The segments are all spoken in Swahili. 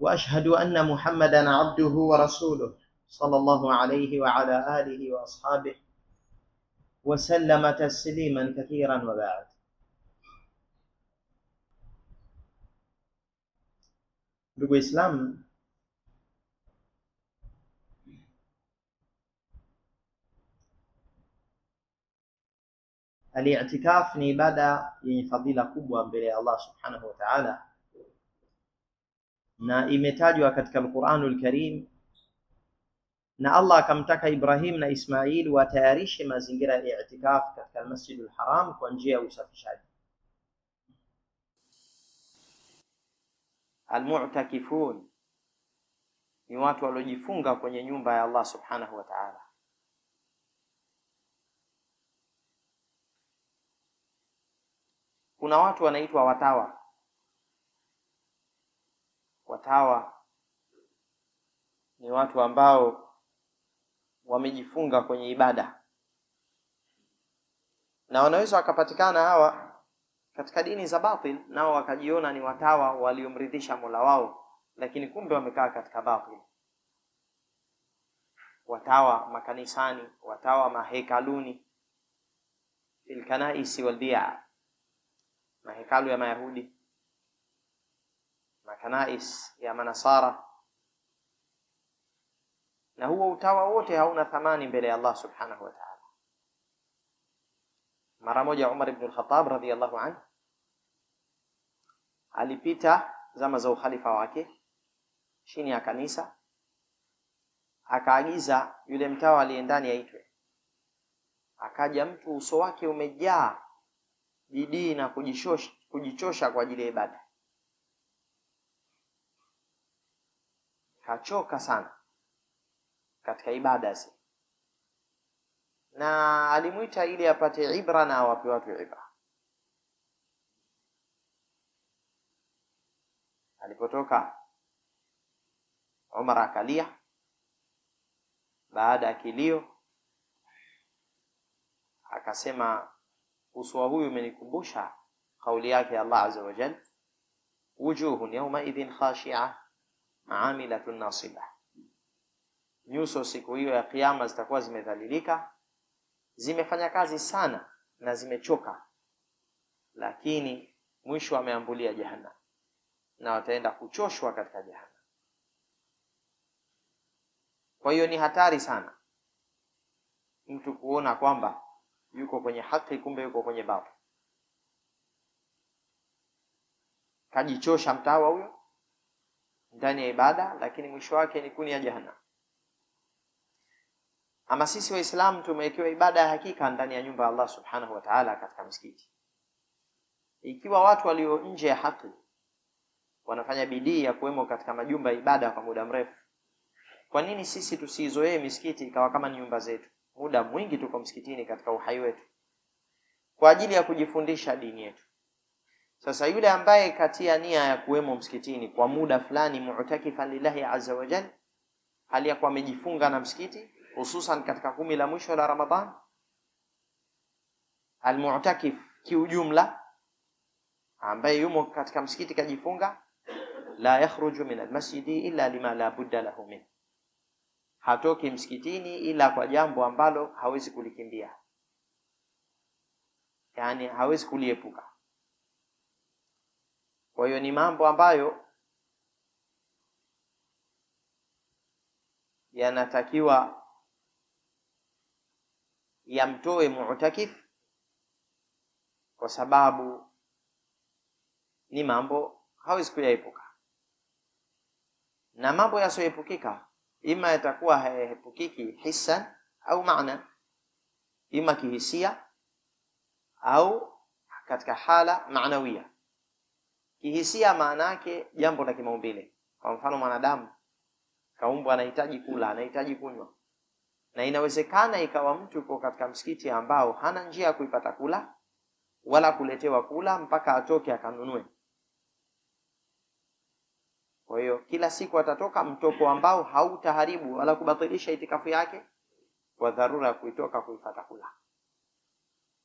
واشهد ان محمدا عبده ورسوله صلى الله عليه وعلى اله واصحابه وسلم تسليما كثيرا وبعد Ndugu Islam, aliitikafu ni ibada yenye fadhila kubwa mbele ya Allah subhanahu wa ta'ala na imetajwa katika Al-Qur'anul Karim, na Allah akamtaka Ibrahim na Ismail watayarishe mazingira ya i'tikaf katika Al-Masjidul Haram kwa njia ya usafishaji. Al-mu'takifun ni watu waliojifunga kwenye nyumba ya Allah subhanahu wa ta'ala. Kuna watu wanaitwa watawa watawa ni watu ambao wamejifunga kwenye ibada, na wanaweza wakapatikana hawa katika dini za batil, nao wakajiona ni watawa waliomridhisha Mola wao, lakini kumbe wamekaa katika batil. Watawa makanisani, watawa mahekaluni, filkanaisi waldia, mahekalu ya Mayahudi na kanais ya manasara na huo utawa wote hauna thamani mbele ya Allah subhanahu wa ta'ala. Mara moja Umar ibn al-Khattab radhiyallahu anhu alipita zama za ukhalifa wake chini ya kanisa, akaagiza yule mtawa aliye ndani aitwe. Akaja mtu uso wake umejaa bidii na kujichosha kwa ajili ya ibada kachoka sana katika ibada zi na alimwita ili apate ibra na awape watu ibra. Alipotoka Umar akalia baada ya kilio akasema, uswa huyu umenikumbusha kauli yake Allah azza wa jalla, wujuhun yawma idhin khashi'a amilatun nasiba, nyuso siku hiyo ya Kiyama zitakuwa zimedhalilika, zimefanya kazi sana na zimechoka, lakini mwisho ameambulia jahanna na wataenda kuchoshwa katika jahanna. Kwa hiyo ni hatari sana mtu kuona kwamba yuko kwenye haki, kumbe yuko kwenye batil. Kajichosha mtawa huyo ndani ya ibada, lakini mwisho wake ni kuni ya jahannam. Ama sisi Waislamu tumewekewa ibada ya hakika ndani ya nyumba ya Allah subhanahu wa ta'ala, katika msikiti. Ikiwa watu walio nje ya haki wanafanya bidii ya kuwemo katika majumba ya ibada kwa muda mrefu, kwa nini sisi tusiizoee misikiti ikawa kama ni nyumba zetu? Muda mwingi tuko msikitini katika uhai wetu kwa ajili ya kujifundisha dini yetu. Sasa yule ambaye katia nia ya kuwemo msikitini kwa muda fulani, mutakifan lillahi azza wa jalla, hali ya kuwa amejifunga na msikiti, hususan katika kumi la mwisho la Ramadhan. Almutakif kiujumla, ambaye yumo katika msikiti kajifunga, la yakhruju min almasjidi illa lima la budda lahu min, hatoki msikitini ila kwa jambo ambalo hawezi kulikimbia, yani hawezi kuliepuka kwa hiyo ni mambo ambayo yanatakiwa yamtoe mu'takif kwa sababu ni mambo hawezi kuyaepuka, na mambo yasioepukika ima yatakuwa hayaepukiki hisa au maana, ima kihisia au katika hala maanawia. Kihisia maana yake jambo la kimaumbile. Kwa mfano, mwanadamu kaumbwa, anahitaji kula, anahitaji kunywa, na inawezekana ikawa mtu yuko katika msikiti ambao hana njia ya kuipata kula wala kuletewa kula mpaka atoke akanunue. Kwa hiyo kila siku atatoka mtoko ambao hautaharibu wala kubatilisha itikafu yake, kwa dharura ya kuitoka kuipata kula,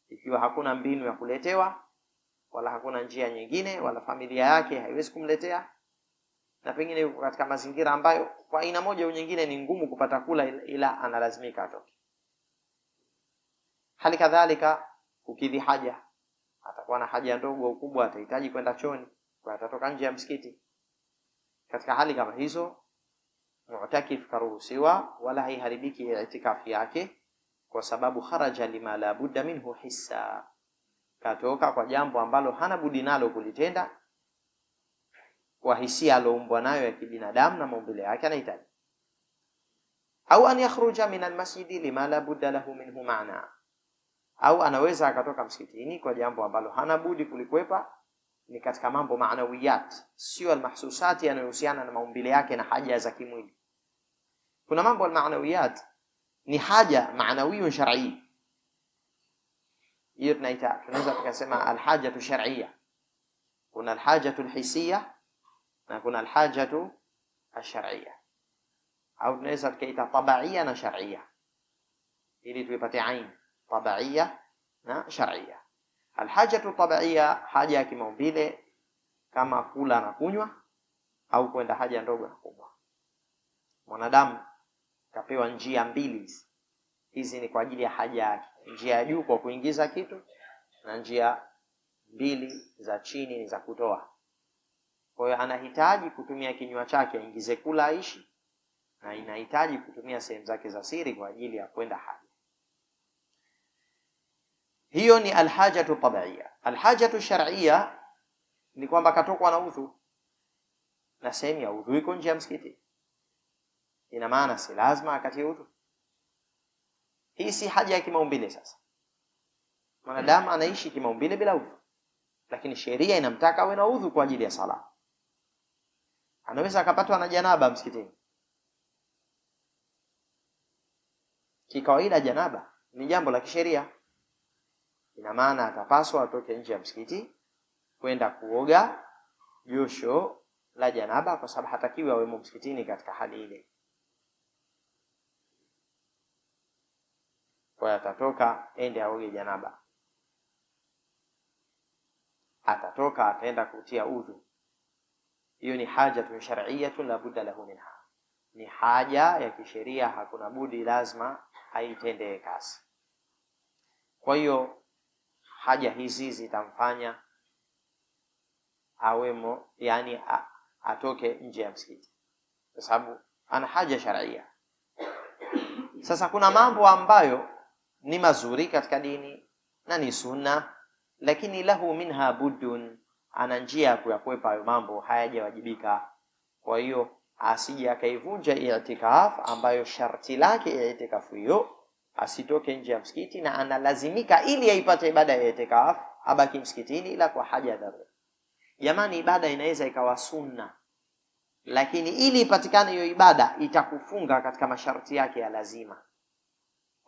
ikiwa hakuna mbinu ya kuletewa wala hakuna njia nyingine, wala familia yake haiwezi kumletea, na pengine yuko katika mazingira ambayo kwa aina moja au nyingine ni ngumu kupata kula, ila analazimika atoke. Hali kadhalika kukidhi haja, atakuwa na haja ndogo au kubwa, atahitaji kwenda choni, kwa atatoka nje ya msikiti. Katika hali kama hizo, mutakif karuhusiwa, wala haiharibiki itikafi yake, kwa sababu kharaja lima la budda minhu hissa katoka kwa jambo ambalo hana budi nalo kulitenda kwa hisia aloumbwa nayo ya kibinadamu na maumbile yake anahitaji, au an yakhruja min almasjidi lima la budda lahu minhu maana, au anaweza akatoka msikitini kwa jambo ambalo hana budi kulikwepa ni katika mambo maanawiyat, sio almahsusati yanayohusiana na maumbile yake na haja za kimwili. Kuna mambo almanawiyat ni haja maanawiyun shar'i hiyo tunaita tunaweza tukasema alhajatu shar'iyya kuna alhajatu alhisiya na kuna alhajatu alsharia au tunaweza tukaita tabaiya na shar'iyya ili tuipate ain tabaiya na shar'iyya alhajatu tabaiya haja ya kimaumbile kama kula na kunywa au kwenda haja ndogo na kubwa mwanadamu kapewa njia mbili hizi hizi ni kwa ajili ya haja yake. Njia ya juu kwa kuingiza kitu na njia mbili za chini ni za kutoa. Kwa hiyo anahitaji kutumia kinywa chake aingize kula aishi, na inahitaji kutumia sehemu zake za siri kwa ajili ya kwenda haja. Hiyo ni alhajatu tabia. Alhajatu sharia ni kwamba katokwa na udhu na sehemu ya udhu iko nje ya msikiti, ina maana si lazima akatie udhu hii si haja ya kimaumbile. Sasa mwanadamu anaishi kimaumbile bila udhu, lakini sheria inamtaka awe na udhu kwa ajili ya sala. Anaweza akapatwa na janaba msikitini. Kikawaida janaba ni jambo la kisheria, ina maana atapaswa atoke nje ya msikiti kwenda kuoga josho la janaba, kwa sababu hatakiwi awemo msikitini katika hali ile. kwayo atatoka ende aoge janaba, atatoka ataenda kutia udhu. Hiyo ni hajatun shar'iyatun la budda lahu minha, ni haja ya kisheria, hakuna budi, lazima aitendee kazi. Kwa hiyo haja hizi zitamfanya awemo, yani atoke nje ya msikiti kwa sababu ana haja sharia. Sasa kuna mambo ambayo ni mazuri katika dini na ni sunna lakini lahu minha buddun ana njia ya kuyakwepa hayo mambo hayajawajibika kwa hiyo asije akaivunja itikaf ambayo sharti lake itikafu hiyo asitoke nje ya msikiti na analazimika ili aipate ibada ya itikaf abaki msikitini ila kwa haja dharura jamani ibada inaweza ikawa sunna lakini ili ipatikane hiyo ibada itakufunga katika masharti yake ya lazima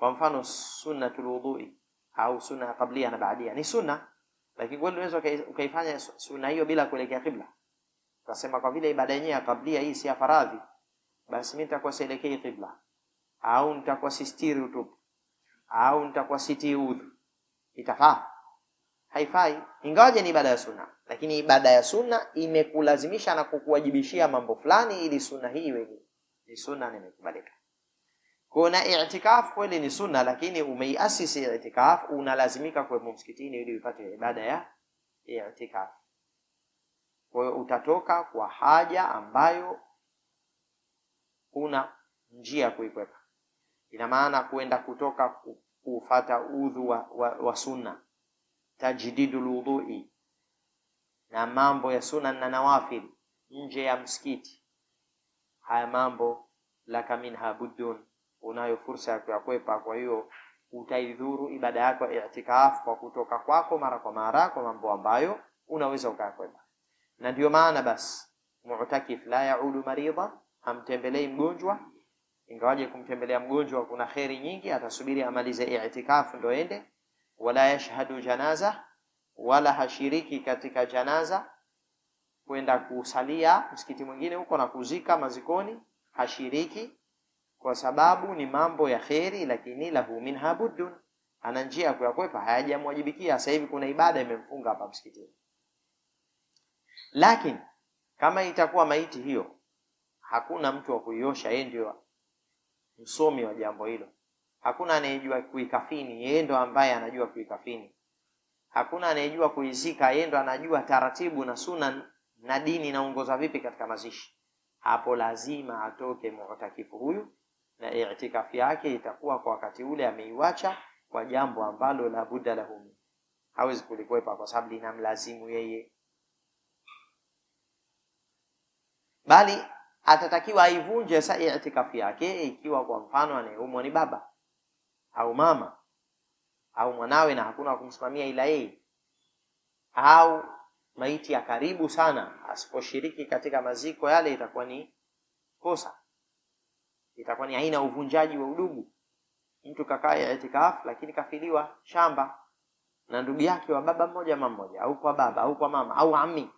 kwa mfano sunnatul wudhui au sunna ya kablia na baadia ni sunna, lakini wewe unaweza ukaifanya sunna hiyo bila kuelekea kibla. Utasema kwa vile ibada yenyewe ya qablia hii si ya faradhi, basi mimi nitakuwa sielekei kibla, au nitakuwa sistiri utupu, au nitakuwa sitii udhu. Itafaa? Haifai, ingawaje ni ibada ya sunna, lakini ibada ya sunna imekulazimisha na kukuwajibishia mambo fulani, ili sunna hii iwe ni sunna nimekubalika. Kuna i'tikaf kweli ni sunna, lakini umeiasisi i'tikaf, unalazimika kuwepo msikitini ili upate ibada ya i'tikaf. Kwa hiyo utatoka kwa haja ambayo una njia kuikwepa. Ina maana kwenda kutoka kufata udhu wa, wa, wa sunna, tajdidul wudhui na mambo ya sunna na nawafil nje ya msikiti, haya mambo laka minha buddun unayo fursa ya kuyakwepa. Kwa hiyo utaidhuru ibada yako ya itikafu kwa kutoka kwako mara kwa mara kwa mambo ambayo unaweza ukayakwepa, na ndio maana basi mu'takif la yaudu maridha, hamtembelei mgonjwa. Ingawaje kumtembelea mgonjwa kuna kheri nyingi, atasubiri amalize itikafu ndo ende. Wala yashhadu janaza, wala hashiriki katika janaza, kwenda kusalia msikiti mwingine huko na kuzika mazikoni, hashiriki kwa sababu ni mambo ya kheri, lakini lahu minha budun, ana njia ya kuyakwepa, hayajamwajibikia. Sasa hivi kuna ibada imemfunga hapa msikitini, lakini kama itakuwa maiti hiyo hakuna mtu wa kuiosha, yeye ndio msomi wa jambo hilo. Hakuna anayejua kuikafini, yeye ndo ambaye anajua kuikafini. Hakuna anayejua kuizika, yeye ndo anajua taratibu na suna na dini inaongoza vipi katika mazishi. Hapo lazima atoke mutakifu huyu na itikafu yake itakuwa kwa wakati ule ameiwacha kwa jambo ambalo la budda lahu, hawezi kulikwepa kwa sababu linamlazimu yeye, bali atatakiwa aivunje sa itikafu yake, ikiwa kwa mfano anayeumwa ni baba au mama au mwanawe na hakuna kumsimamia ila yeye, au maiti ya karibu sana, asiposhiriki katika maziko yale itakuwa ni kosa itakuwa ni aina ya uvunjaji wa udugu. Mtu kakaa itikafu lakini kafiliwa shamba na ndugu yake wa baba mmoja mama mmoja, au kwa baba au kwa mama au ami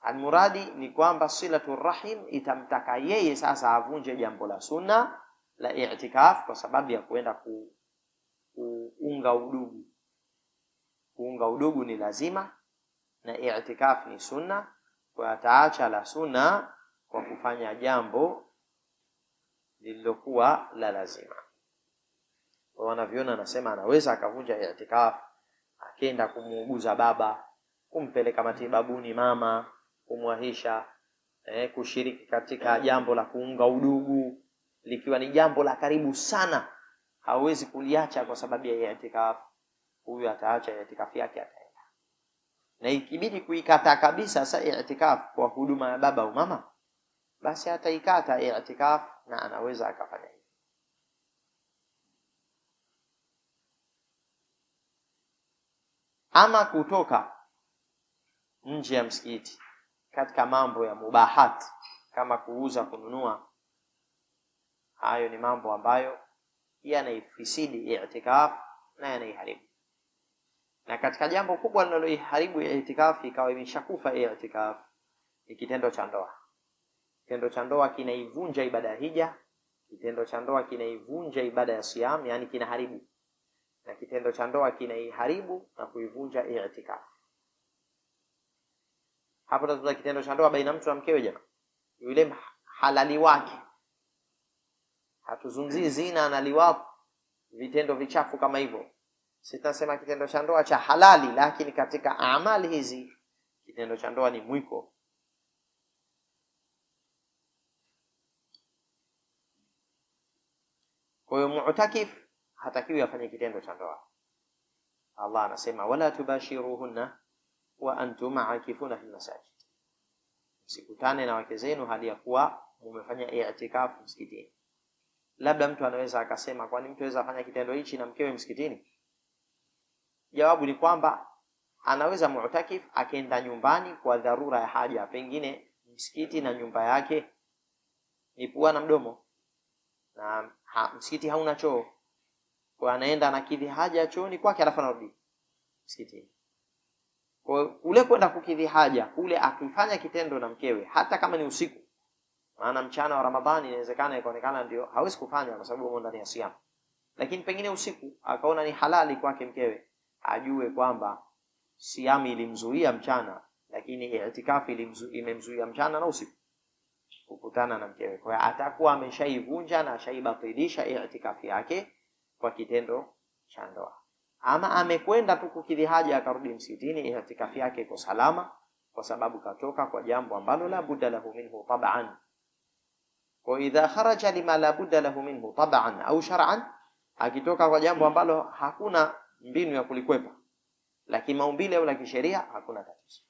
Almuradi ni kwamba silatu rahim itamtaka yeye sasa avunje jambo la sunna la itikaf kwa sababu ya kuenda ku, kuunga udugu. Kuunga udugu ni lazima na itikaf ni sunna, kwa ataacha la sunna kwa kufanya jambo lililokuwa la lazima. Kwa wanavyoona, anasema anaweza akavunja itikafu akenda kumuuguza baba, kumpeleka matibabuni mama, kumwahisha eh, kushiriki katika jambo la kuunga udugu, likiwa ni jambo la karibu sana, hawezi kuliacha kwa sababu ya itikafu. Huyu ataacha itikafu yake ataenda, na ikibidi kuikataa kabisa sasa itikafu kwa huduma ya baba au mama, basi ataikata itikafu na anaweza akafanya hivi ama kutoka nje ya msikiti katika mambo ya mubahat kama kuuza kununua hayo ni mambo ambayo yanaifisidi itikaf na yanaiharibu na katika jambo kubwa linaloiharibu itikafu ikawa imeshakufa itikafu ni kitendo cha ndoa kitendo cha ndoa kinaivunja ibada ya hija, kitendo cha ndoa kinaivunja ibada ya siam, yani kinaharibu, na kitendo cha ndoa kinaiharibu na kuivunja itikaf. Hapo tazungumza kitendo cha ndoa baina mtu na mkewe, jamaa yule halali wake, hatuzungumzii zina na liwapo, vitendo vichafu kama hivyo. si tunasema kitendo cha ndoa cha halali, lakini katika amali hizi kitendo cha ndoa ni mwiko Kwa hiyo mu'takif hatakiwi afanye kitendo cha ndoa. Allah anasema wala tubashiruhunna wa antum akifuna fi masajid, msikutane na wake zenu hali ya kuwa mumefanya i'tikafu msikitini. Labda mtu anaweza akasema, kwani mtu aweza afanya kitendo hichi na mkewe msikitini? Jawabu ni kwamba anaweza mu'takif akaenda nyumbani kwa dharura ya haja, pengine msikiti na nyumba yake ni pua na mdomo na ha, msikiti hauna choo, kwa anaenda anakidhi haja chooni kwake, alafu anarudi msikitini. Kwa ule kwenda kukidhi haja kule, akifanya kitendo na mkewe, hata kama ni usiku, maana mchana wa Ramadhani inawezekana ikaonekana ndio hawezi kufanya kwa sababu ndani ya siamu, lakini pengine usiku akaona ni halali kwake mkewe, ajue kwamba siamu ilimzuia mchana, lakini itikafu imemzuia mchana na usiku kukutana na mkewe. Kwa hiyo atakuwa ameshaivunja na ashaibatilisha itikafi yake kwa kitendo cha ndoa, ama amekwenda tu kukidhi haja akarudi msikitini, itikafi yake iko salama, kwa sababu katoka kwa jambo ambalo la budda lahu minhu tab'an. Kwa idha kharaja lima la budda lahu minhu tab'an au shar'an, akitoka kwa jambo ambalo hakuna mbinu ya kulikwepa la kimaumbile au la kisheria, hakuna tatizo.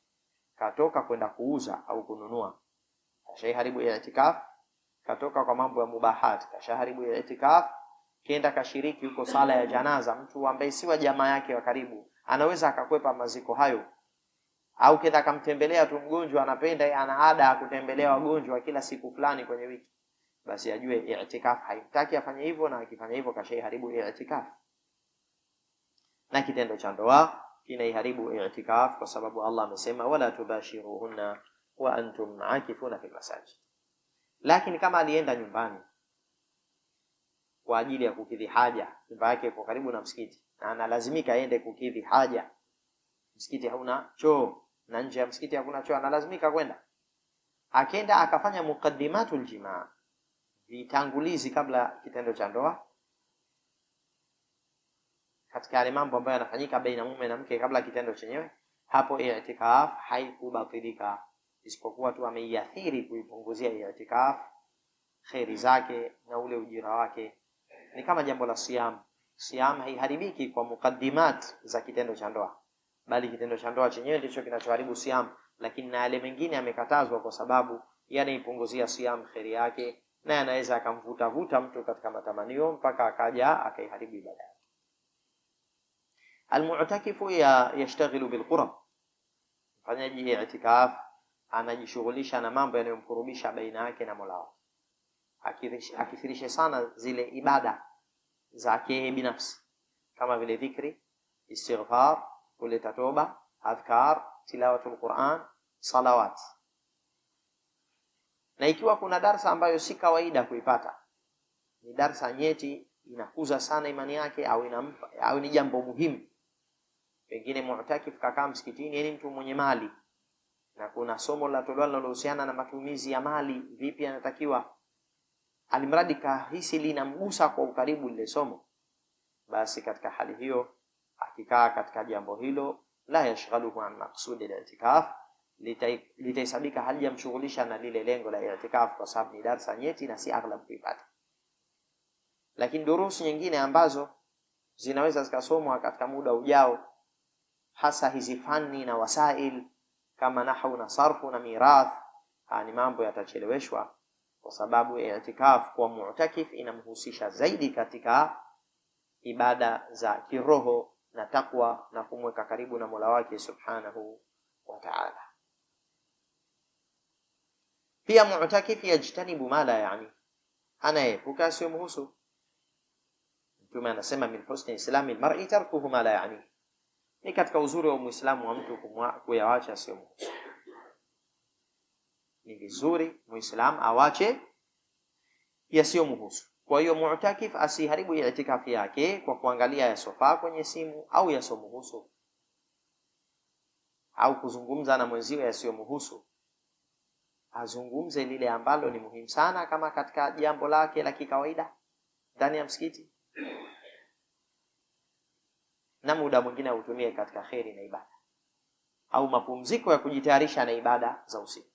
Katoka kwenda kuuza au kununua kashaiharibu itikaf, katoka kwa mambo ya mubahat kashaharibu itikaf, kenda kashiriki huko sala ya janaza, mtu ambaye si wa jamaa yake wa karibu, anaweza akakwepa maziko hayo, au kenda akamtembelea tu mgonjwa, anapenda ana ada ya kutembelea wagonjwa kila siku fulani kwenye wiki, basi ajue itikaf haimtaki afanye hivyo, na akifanya hivyo kashaiharibu itikaf, na kitendo cha ndoa kinaiharibu itikaf, kwa sababu Allah amesema wala tubashiruhunna wa antum akifuna fil masajid. Lakini kama alienda nyumbani kwa ajili ya kukidhi haja, nyumba yake iko karibu na msikiti na analazimika aende kukidhi haja, msikiti hauna choo na nje ya msikiti hakuna choo, analazimika kwenda. Akenda akafanya muqaddimatul jimaa, vitangulizi kabla kitendo cha ndoa, katika yale mambo ambayo yanafanyika baina mume na mke kabla kitendo chenyewe, hapo i'tikaf haikubatilika isipokuwa tu ameiathiri kuipunguzia itikaf kheri zake na ule ujira wake. Ni kama jambo la siam. Siam haiharibiki kwa mukaddimat za kitendo cha ndoa, bali kitendo cha ndoa chenyewe ndicho kinachoharibu siam, lakini na yale mengine yamekatazwa kwa sababu yanaipunguzia siam kheri yake na anaweza akamvutavuta mtu katika matamanio mpaka akaja akaiharibu ibada yake. Almutakifu yashtaghilu bilqurab, mfanyaji itikaf anajishughulisha na mambo yanayomkurubisha baina yake na Mola wake, akithirishe sana zile ibada zake yeye binafsi kama vile dhikri, istighfar, kuleta toba, adhkar, tilawatul Quran, salawat. Na ikiwa kuna darsa ambayo si kawaida kuipata, ni darsa nyeti, inakuza sana imani yake au inampa, au ni jambo muhimu, pengine mutakif kakaa msikitini, yani mtu mwenye mali na kuna somo la tolewa linalohusiana na matumizi ya mali, vipi anatakiwa alimradi kahisi linamgusa kwa ukaribu lile somo, basi katika hali hiyo akikaa katika jambo hilo la yashghaluhu an maqsudi litikaf, litahesabika halijamshughulisha na lile lengo la itikaf, kwa sababu ni darsa nyeti na si aghlab kuipata. Lakini durusi nyingine ambazo zinaweza zikasomwa katika muda ujao, hasa hizi fani na wasail kama nahau na sarfu na mirath ni mambo yatacheleweshwa kwa sababu i'tikaf kwa mu'takif inamhusisha zaidi katika ibada za kiroho na takwa na kumweka karibu na Mola wake subhanahu wa ta'ala. Pia mu'takif yajtanibu mala, yani anayeepuka asiyomhusu. Mtume anasema min husni islami lmari tarkuhu ma la yani ni katika uzuri wa Muislamu wa mtu kuyawacha sio Ni vizuri Muislamu awache yasiyomuhusu Kwa hiyo mu'takif asiharibu itikafi yake kwa kuangalia yasofaa kwenye simu au yasiyomuhusu au kuzungumza na mwenziwe yasiyomuhusu Azungumze lile ambalo ni muhimu sana, kama katika jambo lake la kikawaida ndani ya msikiti na muda mwingine autumie katika kheri na ibada au mapumziko ya kujitayarisha na ibada za usiku,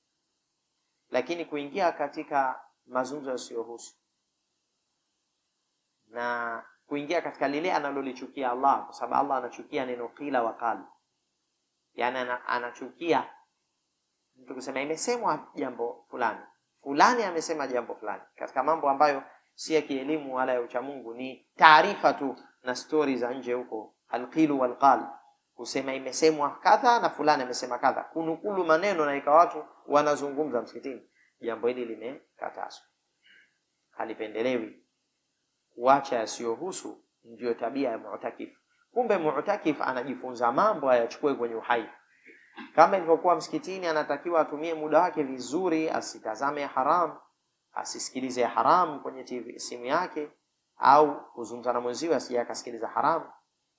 lakini kuingia katika mazungumzo yasiyohusu na kuingia katika lile analolichukia Allah, kwa sababu Allah anachukia neno kila wa qal, yani anachukia mtu kusema imesemwa jambo fulani fulani, amesema jambo fulani katika mambo ambayo si ya kielimu wala ya uchamungu, ni taarifa tu na stori za nje huko alqilu walqal, kusema imesemwa kadha na fulani amesema kadha, kunukulu maneno na ikawa watu wanazungumza msikitini. Jambo hili limekatazwa, halipendelewi. Kuacha yasiyohusu ndiyo tabia ya mu'takif. Kumbe mu'takif anajifunza mambo ayachukue kwenye uhai kama ilivyokuwa msikitini, anatakiwa atumie muda wake vizuri, asitazame haram, asisikilize haram kwenye TV, simu yake au kuzungumza na mwenziwe, asije akasikiliza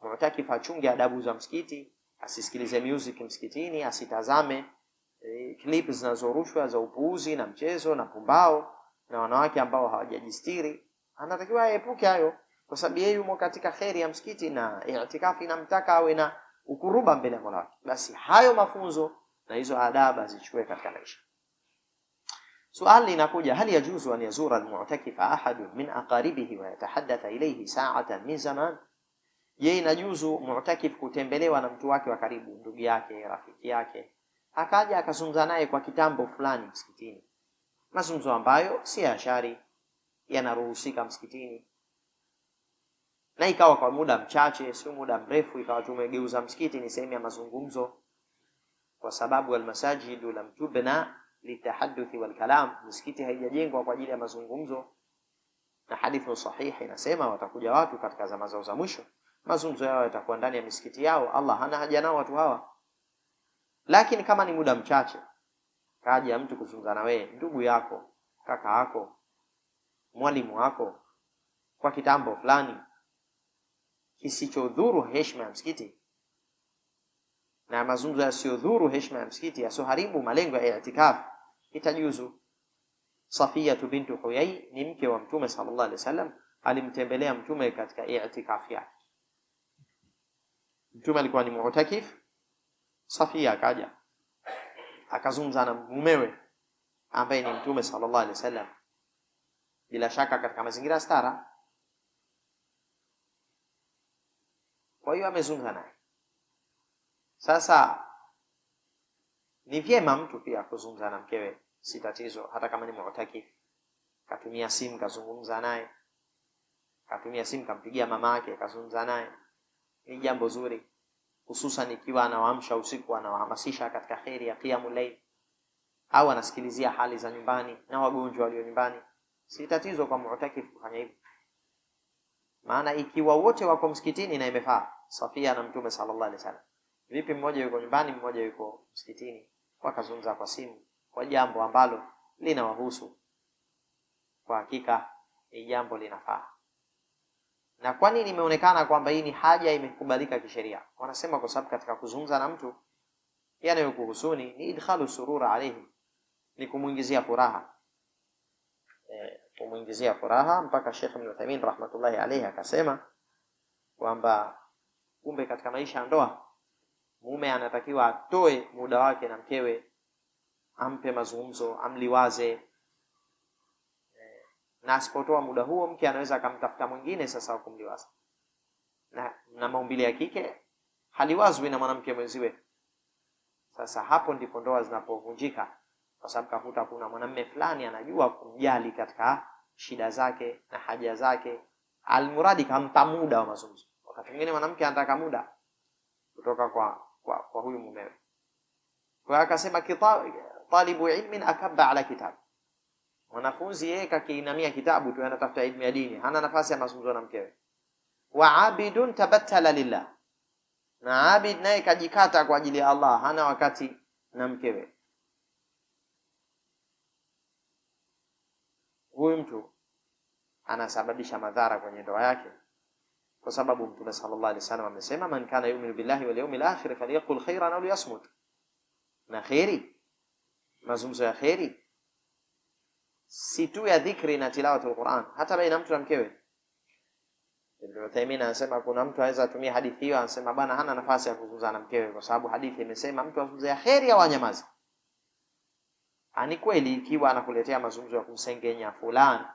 Tunatakiwa achunge adabu za msikiti, asisikilize music msikitini, asitazame e, clip zinazorushwa za upuuzi na mchezo na pumbao na wanawake ambao hawajajistiri. Anatakiwa aepuke hayo, kwa sababu yeye yumo katika kheri ya msikiti na itikafi inamtaka awe na ukuruba mbele ya Mola wake. Basi hayo mafunzo na hizo adabu azichukue katika maisha. Suali linakuja, hal yajuzu an yazura almu'takifa ahadun min aqaribihi wa yatahadatha ilayhi sa'atan min zaman je, inajuzu mu'takif kutembelewa na mtu wake wa karibu, ndugu yake, rafiki yake, akaja akazungumza naye kwa kitambo fulani msikitini, mazungumzo ambayo si ya shari, yanaruhusika msikitini, na ikawa kwa muda mchache, sio muda mrefu, ikawa tumegeuza msikiti ni sehemu ya mazungumzo, kwa sababu almasajidu lam tubna litahadduthi walkalam, msikiti haijajengwa kwa ajili ya mazungumzo. Na hadithi sahihi inasema watakuja watu katika zama zao za mwisho mazungumzo yao yatakuwa ndani ya misikiti yao. Allah hana haja nao watu hawa. Lakini kama ni muda mchache, kaja mtu kuzungumza na wewe, ndugu yako, kaka yako, mwalimu wako, kwa kitambo fulani kisichodhuru heshima ya msikiti na mazungumzo yasiyodhuru heshima ya msikiti yasioharibu malengo ya itikafu, itajuzu. Safiyatu bintu Huyai ni mke wa Mtume sallallahu alaihi wasallam, alimtembelea Mtume katika itikafu yake Mtume alikuwa ni mutakif. Safia akaja akazungumza na mumewe ambaye ni Mtume sallallahu alaihi wasallam, bila shaka katika mazingira ya stara. Kwa hiyo amezungumza naye. Sasa ni vyema mtu pia kuzungumza na mkewe, si tatizo, hata kama ni mutakif. Katumia simu kazungumza naye, katumia simu kampigia mama yake kazungumza naye ni jambo zuri, hususan ikiwa anawaamsha usiku, anawahamasisha katika kheri ya qiyamul layl, au anasikilizia hali za nyumbani na wagonjwa walio nyumbani. Si tatizo kwa mutakif kufanya hivyo, maana ikiwa wote wako msikitini na imefaa safia na Mtume sallallahu alaihi wasallam. Vipi mmoja yuko nyumbani, mmoja yuko msikitini, wakazungumza kwa simu kwa jambo ambalo linawahusu? Kwa hakika ni jambo linafaa na kwa nini imeonekana kwamba hii ni haja imekubalika kisheria? Wanasema kwa sababu katika kuzungumza na mtu yanayokuhusuni ni idkhalu surura alayhi, ni kumuingizia furaha e, kumuingizia furaha. Mpaka Sheikh Ibn Uthaymeen rahmatullahi alayhi akasema kwamba kumbe katika maisha ya ndoa mume anatakiwa atoe muda wake na mkewe, ampe mazungumzo, amliwaze na asipotoa muda huo mke anaweza akamtafuta mwingine sasa wa kumliwaza na, na maumbile ya kike haliwazwi na mwanamke mwenziwe sasa hapo ndipo ndoa zinapovunjika kwa sababu kakuta kuna mwanamme fulani anajua kumjali katika shida zake na haja zake almuradi kampa muda wa mazungumzo wakati mwingine mwanamke anataka muda kutoka kwa kwa, kwa huyu mumewe kwa akasema talibu ilmin akabba ala kitabu Mwanafunzi yeye kakiinamia kitabu tu, anatafuta elimu ya dini, hana nafasi ya mazungumzo na mkewe. Wa abidun tabattala lillah, na abid naye kajikata kwa ajili ya Allah, hana wakati na mkewe. Huyu mtu anasababisha madhara kwenye ndoa yake, kwa sababu Mtume sallallahu alaihi wasallam amesema, man kana yu'minu billahi wal yawmil akhir falyaqul khairan aw liyasmut, na kheri, mazungumzo ya kheri si tu ya dhikri na tilawatul Qur'an, hata baina mtu na mkewe. Ibn Uthaymeen anasema kuna mtu anaweza atumia hadithi hiyo, anasema bwana hana nafasi ya kuzungumza na mkewe kwa sababu hadithi imesema mtu azungumze heri au anyamaze. Ani kweli, ikiwa anakuletea mazungumzo ya kumsengenya fulani,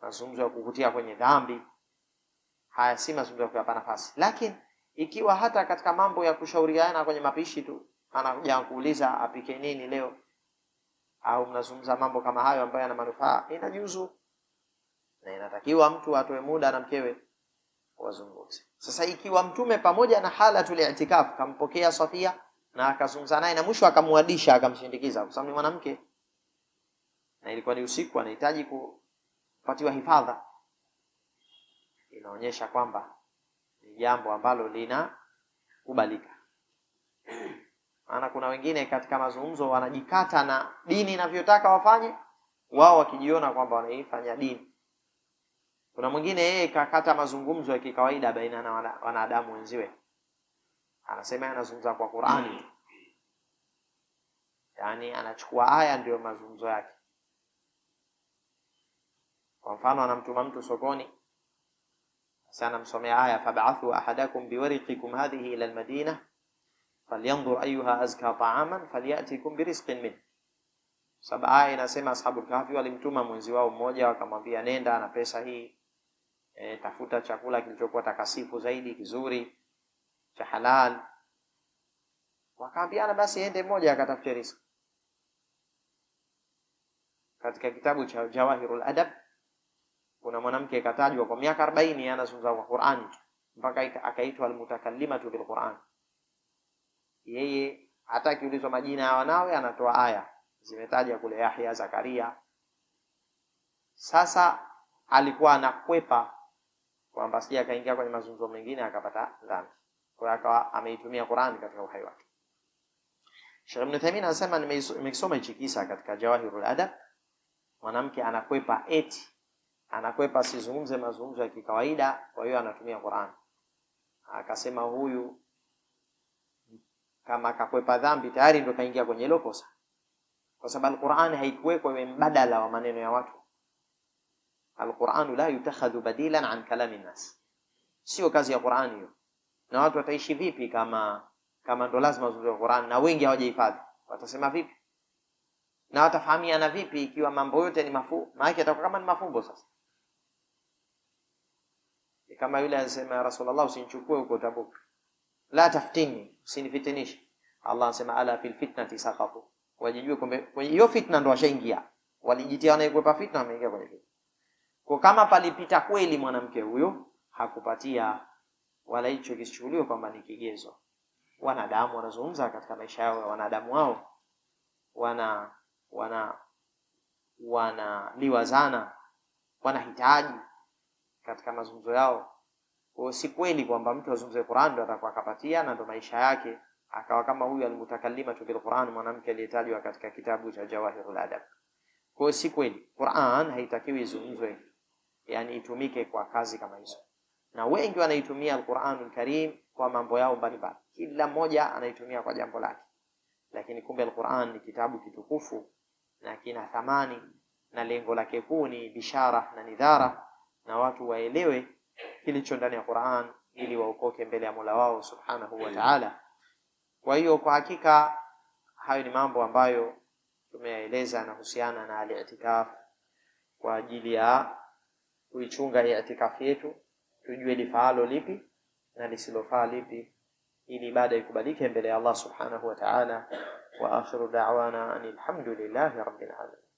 mazungumzo ya kukutia kwenye dhambi, haya si mazungumzo ya kuyapa nafasi. Lakini ikiwa hata katika mambo ya kushauriana kwenye mapishi tu, anakuja kuuliza apike nini leo au mnazungumza mambo kama hayo ambayo yana manufaa, inajuzu na inatakiwa mtu atoe muda na mkewe wazungumze. Sasa ikiwa Mtume pamoja na tuli i'tikaf kampokea Safia na akazungumza naye na mwisho akamwadisha akamshindikiza, kwa sababu ni mwanamke na ilikuwa ni usiku, anahitaji kupatiwa hifadha, inaonyesha kwamba ni jambo ambalo linakubalika. Maana kuna wengine katika mazungumzo wanajikata na dini inavyotaka wafanye wao, wakijiona kwamba wanaifanya dini. Kuna mwingine yeye kakata mazungumzo ya kikawaida baina na wanadamu wenziwe, anasema yeye anazungumza kwa Qur'ani, yaani anachukua aya ndiyo mazungumzo yake. Kwa mfano, anamtuma mtu sokoni sasa, anamsomea aya, fabaathu ahadakum biwariqikum hadhihi ila almadina falyanzur ayuha azka taaman falyatikum birizqin min. Sababu aya inasema ashabul kahfi walimtuma mwenzi wao mmoja, wakamwambia nenda na pesa hii e, tafuta chakula kilichokuwa takasifu zaidi kizuri cha halal. Wakaambiana basi ende mmoja akatafute riziki. Katika kitabu cha Jawahirul Adab kuna mwanamke katajwa kwa miaka arobaini anazungumza kwa Qur'an mpaka akaitwa almutakallimatu bil Qur'an yeye hata akiulizwa majina ya wanawe anatoa aya zimetaja kule Yahya, Zakaria. Sasa alikuwa anakwepa kwamba sija akaingia kwenye mazungumzo mengine akapata dhambi, kwa hiyo akawa ameitumia Qur'an katika uhai wake. Sheikh Ibn Thamin anasema, nimekisoma hichi kisa katika Jawahirul Adab. Mwanamke anakwepa eti anakwepa sizungumze mazungumzo ya kikawaida, kwa hiyo anatumia Qur'an. Akasema huyu kama akakwepa dhambi tayari ndo kaingia kwenye hilo kosa, kwa sababu alquran haikuwekwa iwe mbadala wa maneno ya watu. alquran la yutakhadhu badilan an kalami nas, sio kazi ya Qur'ani hiyo. Na watu wataishi vipi kama kama ndo lazima wazungumze Qur'ani na wengi hawajahifadhi? Watasema vipi na watafahamiana vipi ikiwa mambo yote ni mafu, Maana yake kama ni mafumbo sasa kama yule anasema ya Rasulullah, usinichukue huko Tabuk la taftini, usinifitinishe. Allah anasema ala fil fitnati saqatu, wajijue kwamba kwenye hiyo fitna ndo washaingia, walijitia wanaikwepa fitna, wameingia kwenye fitna. Kwa kama palipita kweli mwanamke huyo hakupatia wala hicho kisichukuliwe kwamba ni kigezo. Wanadamu wanazungumza katika maisha yao ya wanadamu wao, wana wana wanaliwazana, wanahitaji katika mazungumzo yao kwa si kweli kwamba mtu azungumze Qur'an ndio atakuwa akapatia na ndio maisha yake akawa kama huyu almutakallima tu bil Qur'an, mwanamke aliyetajwa katika kitabu cha Jawahirul Adab. Kwa si kweli, Qur'an haitakiwi izungumzwe, yani itumike kwa kazi kama hizo, na wengi wanaitumia al-Qur'anul Karim kwa mambo yao mbalimbali, kila mmoja anaitumia kwa jambo lake, lakini kumbe al-Qur'an ni kitabu kitukufu na kina thamani, na lengo lake kuu ni bishara na nidhara, na watu waelewe kilicho ndani ya Qur'an ili waokoke mbele ya Mola wao Subhanahu wa Ta'ala. Kwa hiyo kwa hakika hayo ni mambo ambayo tumeyaeleza yanahusiana na al-i'tikaf kwa ajili ya kuichunga i'tikaf yetu, tujue lifaalo lipi na lisilofaa lipi ili ibada ikubalike mbele ya Allah Subhanahu wa Ta'ala. Wa akhiru da'wana anil hamdulillahi rabbil alamin.